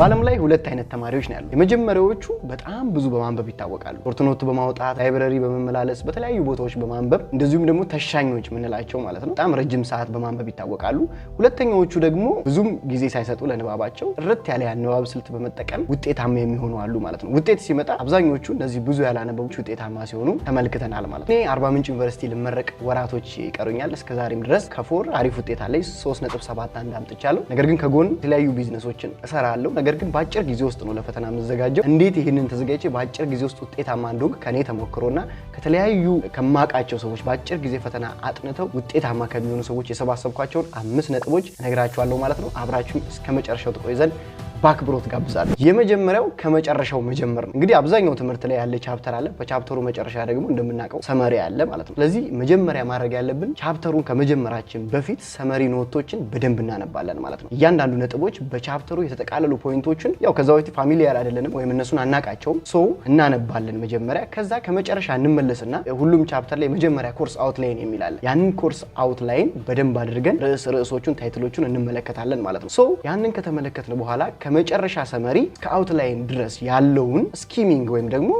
በዓለም ላይ ሁለት አይነት ተማሪዎች ነው ያሉ። የመጀመሪያዎቹ በጣም ብዙ በማንበብ ይታወቃሉ። ሾርት ኖት በማውጣት ላይብረሪ በመመላለስ በተለያዩ ቦታዎች በማንበብ እንደዚሁም ደግሞ ተሻኞች የምንላቸው ማለት ነው፣ በጣም ረጅም ሰዓት በማንበብ ይታወቃሉ። ሁለተኛዎቹ ደግሞ ብዙም ጊዜ ሳይሰጡ ለንባባቸው ርት ያለ የአነባብ ስልት በመጠቀም ውጤታማ የሚሆኑ አሉ ማለት ነው። ውጤት ሲመጣ አብዛኞቹ እነዚህ ብዙ ያላነበቦች ውጤታማ ሲሆኑ ተመልክተናል ማለት ነው። እኔ አርባ ምንጭ ዩኒቨርሲቲ ልመረቅ ወራቶች ይቀሩኛል። እስከዛሬም ድረስ ከፎር አሪፍ ውጤት አለኝ፣ 3.71 አምጥቻለሁ። ነገር ግን ከጎን የተለያዩ ቢዝነሶችን እሰራለሁ ነገር ግን በአጭር ጊዜ ውስጥ ነው ለፈተና የምዘጋጀው። እንዴት ይህንን ተዘጋጅቼ በአጭር ጊዜ ውስጥ ውጤታማ እንደሆን ከኔ ተሞክሮና ከተለያዩ ከማውቃቸው ሰዎች በአጭር ጊዜ ፈተና አጥንተው ውጤታማ ከሚሆኑ ሰዎች የሰባሰብኳቸውን አምስት ነጥቦች እነግራችኋለሁ ማለት ነው። አብራችሁ እስከ መጨረሻው ትቆይ ዘንድ በአክብሮት ጋብዛለሁ። የመጀመሪያው ከመጨረሻው መጀመር ነው። እንግዲህ አብዛኛው ትምህርት ላይ ያለ ቻፕተር አለ። በቻፕተሩ መጨረሻ ደግሞ እንደምናውቀው ሰመሪ አለ ማለት ነው። ስለዚህ መጀመሪያ ማድረግ ያለብን ቻፕተሩን ከመጀመራችን በፊት ሰመሪ ኖቶችን በደንብ እናነባለን ማለት ነው። እያንዳንዱ ነጥቦች በቻፕተሩ የተጠቃለሉ ፖይንቶችን ያው ከዛ በፊት ፋሚሊያር አይደለንም ወይም እነሱን አናቃቸውም፣ ሶ እናነባለን መጀመሪያ። ከዛ ከመጨረሻ እንመለስና ሁሉም ቻፕተር ላይ መጀመሪያ ኮርስ አውትላይን የሚላለን ያንን ኮርስ አውትላይን በደንብ አድርገን ርዕስ ርዕሶቹን ታይትሎቹን እንመለከታለን ማለት ነው። ያንን ከተመለከትን በኋላ ከመጨረሻ ሰመሪ ከአውትላይን ድረስ ያለውን ስኪሚንግ ወይም ደግሞ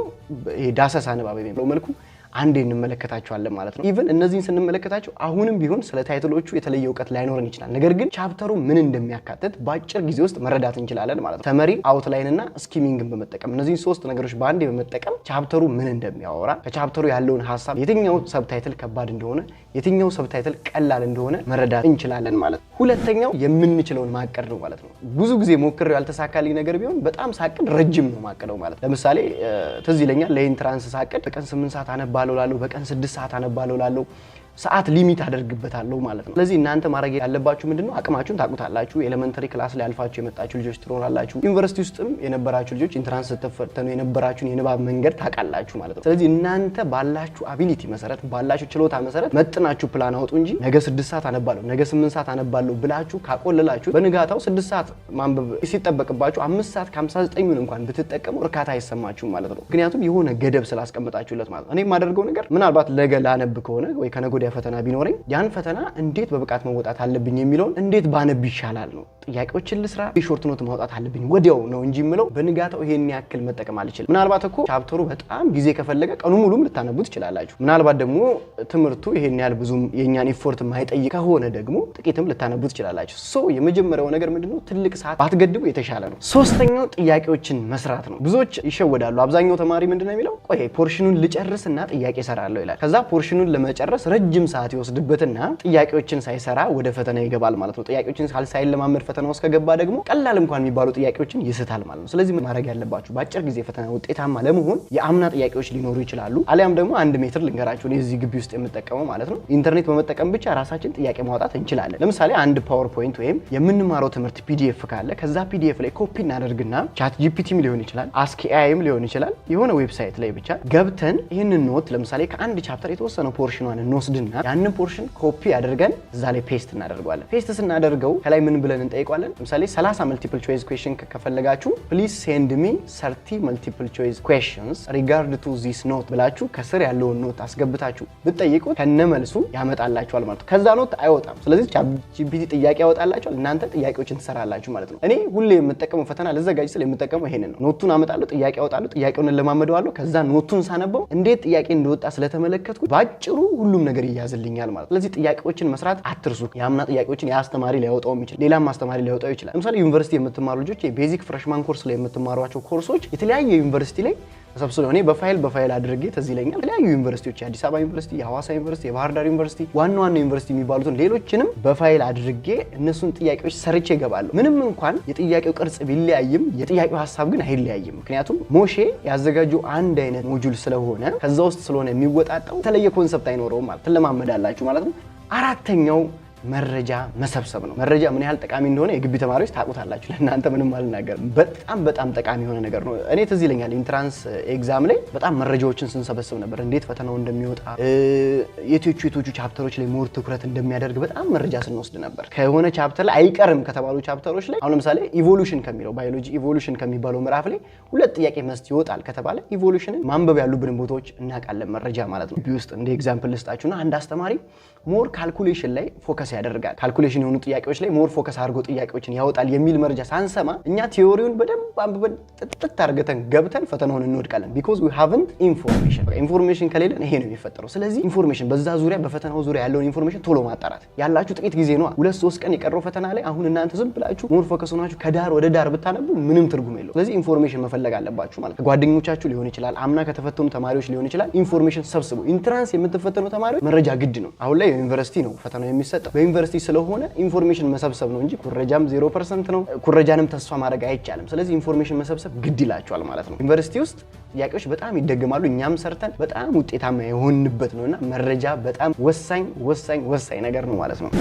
ዳሰሳ ንባብ የሚለው መልኩ አንዴ እንመለከታቸዋለን ማለት ነው። ኢቨን እነዚህን ስንመለከታቸው አሁንም ቢሆን ስለ ታይትሎቹ የተለየ እውቀት ላይኖረን ይችላል። ነገር ግን ቻፕተሩ ምን እንደሚያካትት በአጭር ጊዜ ውስጥ መረዳት እንችላለን ማለት ነው። ተመሪ፣ አውትላይን እና ስኪሚንግን በመጠቀም እነዚህን ሶስት ነገሮች በአንዴ በመጠቀም ቻፕተሩ ምን እንደሚያወራ ከቻፕተሩ ያለውን ሀሳብ የትኛው ሰብታይትል ከባድ እንደሆነ የትኛው ሰብታይትል ቀላል እንደሆነ መረዳት እንችላለን ማለት ነው። ሁለተኛው የምንችለውን ማቀድ ነው ማለት ነው። ብዙ ጊዜ ሞክሬው ያልተሳካልኝ ነገር ቢሆን በጣም ሳቅድ ረጅም ነው ማቀደው ማለት ለምሳሌ ትዝ ይለኛል ለኢንትራንስ ሳቅድ በቀን ስምንት ሰዓት አነባ አነባለሁ ላለው፣ በቀን ስድስት ሰዓት አነባለሁ ላለው ሰዓት ሊሚት አደርግበታለሁ ማለት ነው። ስለዚህ እናንተ ማድረግ ያለባችሁ ምንድነው? አቅማችሁን ታውቁታላችሁ። ኤሌመንተሪ ክላስ ላይ አልፋችሁ የመጣችሁ ልጆች ትኖራላችሁ። ዩኒቨርሲቲ ውስጥም የነበራችሁ ልጆች ኢንትራንስ ስትፈተኑ የነበራችሁን የንባብ መንገድ ታውቃላችሁ ማለት ነው። ስለዚህ እናንተ ባላችሁ አቢሊቲ መሰረት፣ ባላችሁ ችሎታ መሰረት መጥናችሁ ፕላን አውጡ እንጂ ነገ ስድስት ሰዓት አነባለሁ፣ ነገ ስምንት ሰዓት አነባለሁ ብላችሁ ካቆለላችሁ በንጋታው ስድስት ሰዓት ማንበብ ሲጠበቅባችሁ አምስት ሰዓት ከሀምሳ ዘጠኙን እንኳን ብትጠቀሙ እርካታ አይሰማችሁም ማለት ነው። ምክንያቱም የሆነ ገደብ ስላስቀምጣችሁለት ማለት ነው። እኔ የማደርገው ነገር ምናልባት ነገ ላነብ ከሆነ ወይ ከነገ ወዲያ ፈተና ቢኖረኝ ያን ፈተና እንዴት በብቃት መወጣት አለብኝ የሚለውን እንዴት ባነብ ይሻላል ነው ጥያቄዎችን ልስራ፣ ሾርት ኖት ማውጣት አለብኝ ወዲያው ነው እንጂ የምለው በንጋታው ይሄን ያክል መጠቀም አልችልም። ምናልባት እኮ ቻፕተሩ በጣም ጊዜ ከፈለገ ቀኑ ሙሉም ልታነቡ ትችላላችሁ። ምናልባት ደግሞ ትምህርቱ ይሄን ያህል ብዙም የእኛን ኢፎርት ማይጠይቅ ከሆነ ደግሞ ጥቂትም ልታነቡ ትችላላችሁ። ሶ የመጀመሪያው ነገር ምንድነው ትልቅ ሰዓት ባትገድቡ የተሻለ ነው። ሶስተኛው ጥያቄዎችን መስራት ነው። ብዙዎች ይሸወዳሉ። አብዛኛው ተማሪ ምንድነው የሚለው ቆይ ፖርሽኑን ልጨርስና ጥያቄ እሰራለሁ ይላል። ከዛ ፖርሽኑን ለመጨረስ ረጅም ሰዓት ይወስድበትና ጥያቄዎችን ሳይሰራ ወደ ፈተና ይገባል ማለት ነው። ጥያቄዎችን ሳይለማመድ ፈተና ውስጥ ከገባ ደግሞ ቀላል እንኳን የሚባሉ ጥያቄዎችን ይስታል ማለት ነው። ስለዚህ ማድረግ ያለባችሁ በአጭር ጊዜ ፈተና ውጤታማ ለመሆን የአምና ጥያቄዎች ሊኖሩ ይችላሉ። አሊያም ደግሞ አንድ ሜትር ልንገራችሁ፣ እዚህ ግቢ ውስጥ የምጠቀመው ማለት ነው ኢንተርኔት በመጠቀም ብቻ ራሳችን ጥያቄ ማውጣት እንችላለን። ለምሳሌ አንድ ፓወርፖይንት ወይም የምንማረው ትምህርት ፒዲኤፍ ካለ ከዛ ፒዲኤፍ ላይ ኮፒ እናደርግና ቻት ጂፒቲም ሊሆን ይችላል አስኪ ሊሆን ይችላል የሆነ ዌብሳይት ላይ ብቻ ገብተን ይህንን ኖት ለምሳሌ ከአንድ ቻፕተር የተወሰነ ፖርሽኗን እንወስድና ያንን ፖርሽን ኮፒ አድርገን እዛ ላይ ፔስት እናደርገዋለን። ፔስት ስናደርገው ከላይ ምን ብለን እንጠይቅ እንጠይቋለን። ለምሳሌ 30 መልቲፕል ቾይስ ኩዌሽን ከፈለጋችሁ ፕሊዝ ሴንድ ሚ 30 መልቲፕል ቾይስ ኩዌሽንስ ሪጋርድ ቱ ዚስ ኖት ብላችሁ ከስር ያለውን ኖት አስገብታችሁ ብትጠይቁት ከነመልሱ ያመጣላችኋል ማለት ነው። ከዛ ኖት አይወጣም። ስለዚህ ቻትጂፒቲ ጥያቄ ያወጣላችኋል፣ እናንተ ጥያቄዎችን ትሰራላችሁ ማለት ነው። እኔ ሁሌ የምጠቀመው ፈተና ልዘጋጅ ስል የምጠቀመው ይሄንን ነው። ኖቱን አመጣለሁ፣ ጥያቄ ያወጣለሁ፣ ጥያቄውን ለማመደዋለሁ። ከዛ ኖቱን ሳነበው እንዴት ጥያቄ እንደወጣ ስለተመለከትኩ ባጭሩ ሁሉም ነገር ይያዝልኛል ማለት። ስለዚህ ጥያቄዎችን መስራት አትርሱ። የአምና ጥያቄዎችን የአስተማሪ ሊያወጣው የሚችል ሌላም አስተማሪ ባህል ሊያወጣው ይችላል። ለምሳሌ ዩኒቨርሲቲ የምትማሩ ልጆች የቤዚክ ፍረሽማን ኮርስ ላይ የምትማሯቸው ኮርሶች የተለያየ ዩኒቨርሲቲ ላይ ተሰብስበ እኔ በፋይል በፋይል አድርጌ ተዚ ይለኛል። የተለያዩ ዩኒቨርሲቲዎች የአዲስ አበባ ዩኒቨርሲቲ፣ የሐዋሳ ዩኒቨርሲቲ፣ የባህር ዳር ዩኒቨርሲቲ ዋና ዋና ዩኒቨርሲቲ የሚባሉትን ሌሎችንም በፋይል አድርጌ እነሱን ጥያቄዎች ሰርቼ ይገባለሁ። ምንም እንኳን የጥያቄው ቅርጽ ቢለያይም የጥያቄው ሀሳብ ግን አይለያይም። ምክንያቱም ሞሼ ያዘጋጀው አንድ አይነት ሞጁል ስለሆነ ከዛ ውስጥ ስለሆነ የሚወጣጠው የተለየ ኮንሰፕት አይኖረውም ማለት ትለማመዳላችሁ ማለት ነው። አራተኛው መረጃ መሰብሰብ ነው። መረጃ ምን ያህል ጠቃሚ እንደሆነ የግቢ ተማሪዎች ታውቁታላችሁ። ለእናንተ ምንም አልናገርም። በጣም በጣም ጠቃሚ የሆነ ነገር ነው። እኔ ትዝ ይለኛል ኢንትራንስ ኤግዛም ላይ በጣም መረጃዎችን ስንሰበስብ ነበር። እንዴት ፈተናው እንደሚወጣ የቶቹ የቶቹ ቻፕተሮች ላይ ሞር ትኩረት እንደሚያደርግ በጣም መረጃ ስንወስድ ነበር። ከሆነ ቻፕተር ላይ አይቀርም ከተባሉ ቻፕተሮች ላይ አሁን ለምሳሌ ኢቮሉሽን ከሚለው ባዮሎጂ ኢቮሉሽን ከሚባለው ምዕራፍ ላይ ሁለት ጥያቄ መስት ይወጣል ከተባለ ኢቮሉሽንን ማንበብ ያሉብንን ቦታዎች እናውቃለን። መረጃ ማለት ነው። ግቢ ውስጥ እንደ ኤግዛምፕል ልስጣችሁና አንድ አስተማሪ ሞር ካልኩሌሽን ላይ ፎከስ ፎከስ ያደርጋል። ካልኩሌሽን የሆኑ ጥያቄዎች ላይ ሞር ፎከስ አድርጎ ጥያቄዎችን ያወጣል የሚል መረጃ ሳንሰማ እኛ ቴዎሪውን በደንብ አንብበን ጥጥት አድርገተን ገብተን ፈተናውን እንወድቃለን። ቢኮዝ ዊ ሀቭንት ኢንፎርሜሽን። ኢንፎርሜሽን ከሌለን ይሄ ነው የሚፈጠረው። ስለዚህ ኢንፎርሜሽን በዛ ዙሪያ በፈተናው ዙሪያ ያለውን ኢንፎርሜሽን ቶሎ ማጣራት ያላችሁ ጥቂት ጊዜ ነዋ። ሁለት ሶስት ቀን የቀረው ፈተና ላይ አሁን እናንተ ዝም ብላችሁ ሞር ፎከስ ሆናችሁ ከዳር ወደ ዳር ብታነቡ ምንም ትርጉም የለው። ስለዚህ ኢንፎርሜሽን መፈለግ አለባችሁ ማለት ከጓደኞቻችሁ ሊሆን ይችላል፣ አምና ከተፈተኑ ተማሪዎች ሊሆን ይችላል። ኢንፎርሜሽን ሰብስቡ። ኢንትራንስ የምትፈተኑ ተማሪዎች መረጃ ግድ ነው። አሁን ላይ ዩኒቨርሲቲ ነው ፈተናው የሚሰጠው። በዩኒቨርሲቲ ስለሆነ ኢንፎርሜሽን መሰብሰብ ነው እንጂ ኩረጃም ዜሮ ፐርሰንት ነው። ኩረጃንም ተስፋ ማድረግ አይቻልም። ስለዚህ ኢንፎርሜሽን መሰብሰብ ግድ ይላቸዋል ማለት ነው። ዩኒቨርሲቲ ውስጥ ጥያቄዎች በጣም ይደግማሉ። እኛም ሰርተን በጣም ውጤታማ የሆንበት ነው እና መረጃ በጣም ወሳኝ ወሳኝ ወሳኝ ነገር ነው ማለት ነው።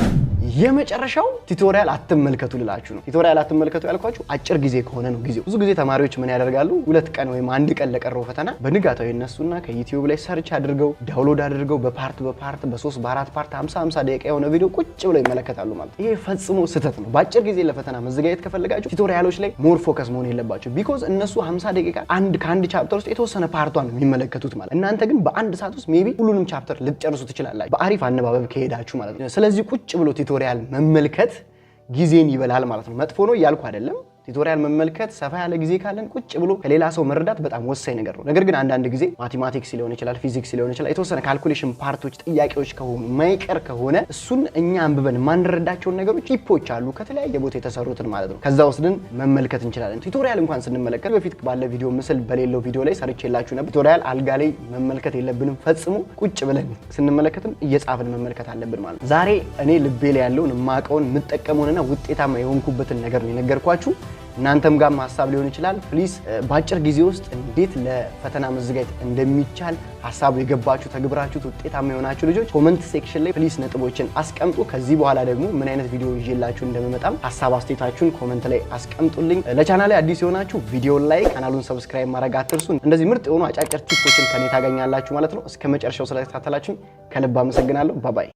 የመጨረሻው ቲቶሪያል አትመልከቱ ልላችሁ ነው። ቲቶሪያል አትመልከቱ ያልኳችሁ አጭር ጊዜ ከሆነ ነው ጊዜው። ብዙ ጊዜ ተማሪዎች ምን ያደርጋሉ? ሁለት ቀን ወይም አንድ ቀን ለቀረው ፈተና በንጋታው ይነሱና ከዩቲዩብ ላይ ሰርች አድርገው ዳውንሎድ አድርገው በፓርት በፓርት በሶስት በአራት ፓርት 50 50 ደቂቃ የሆነ ቪዲዮ ቁጭ ብለው ይመለከታሉ ማለት ነው። ይሄ ፈጽሞ ስህተት ነው። በአጭር ጊዜ ለፈተና መዘጋጀት ከፈለጋችሁ ቲቶሪያሎች ላይ ሞር ፎከስ መሆን የለባቸው። ቢኮዝ እነሱ 50 ደቂቃ አንድ ከአንድ ቻፕተር ውስጥ የተወሰነ ፓርቷን ነው የሚመለከቱት ማለት። እናንተ ግን በአንድ ሰዓት ውስጥ ሜቢ ሁሉንም ቻፕተር ልትጨርሱ ትችላላችሁ፣ በአሪፍ አነባበብ ከሄዳችሁ ማለት ነው። ስለዚህ ቁጭ ብሎ ቱቶሪያል መመልከት ጊዜን ይበላል ማለት ነው። መጥፎ ነው እያልኩ አይደለም። ቱቶሪያል መመልከት ሰፋ ያለ ጊዜ ካለን ቁጭ ብሎ ከሌላ ሰው መረዳት በጣም ወሳኝ ነገር ነው። ነገር ግን አንዳንድ ጊዜ ማቴማቲክስ ሊሆን ይችላል፣ ፊዚክስ ሊሆን ይችላል፣ የተወሰነ ካልኩሌሽን ፓርቶች ጥያቄዎች ከሆኑ ማይቀር ከሆነ እሱን እኛ አንብበን ማንረዳቸውን ነገሮች ሂፖች አሉ ከተለያየ ቦታ የተሰሩትን ማለት ነው። ከዛ ወስድን መመልከት እንችላለን። ቱቶሪያል እንኳን ስንመለከት በፊት ባለ ቪዲዮ ምስል በሌለው ቪዲዮ ላይ ሰርቼላችሁ ነበር። ቱቶሪያል አልጋ ላይ መመልከት የለብንም ፈጽሞ። ቁጭ ብለን ስንመለከትም እየጻፍን መመልከት አለብን ማለት ነው። ዛሬ እኔ ልቤ ላይ ያለውን የማውቀውን የምጠቀመውንና ውጤታማ የሆንኩበትን ነገር ነው የነገርኳችሁ። እናንተም ጋር ሀሳብ ሊሆን ይችላል። ፕሊስ በአጭር ጊዜ ውስጥ እንዴት ለፈተና መዘጋጀት እንደሚቻል ሀሳቡ የገባችሁ ተግብራችሁት ውጤታማ የሆናችሁ ልጆች ኮመንት ሴክሽን ላይ ፕሊስ ነጥቦችን አስቀምጡ። ከዚህ በኋላ ደግሞ ምን አይነት ቪዲዮ ይዤላችሁ እንደምመጣም ሀሳብ አስተያየታችሁን ኮመንት ላይ አስቀምጡልኝ። ለቻናል ላይ አዲስ የሆናችሁ ቪዲዮ ላይ ካናሉን ሰብስክራይብ ማድረግ አትርሱ። እንደዚህ ምርጥ የሆኑ አጫጭር ቲፖችን ከኔ ታገኛላችሁ ማለት ነው። እስከ መጨረሻው ስለተከታተላችሁኝ ከልብ አመሰግናለሁ። ባባይ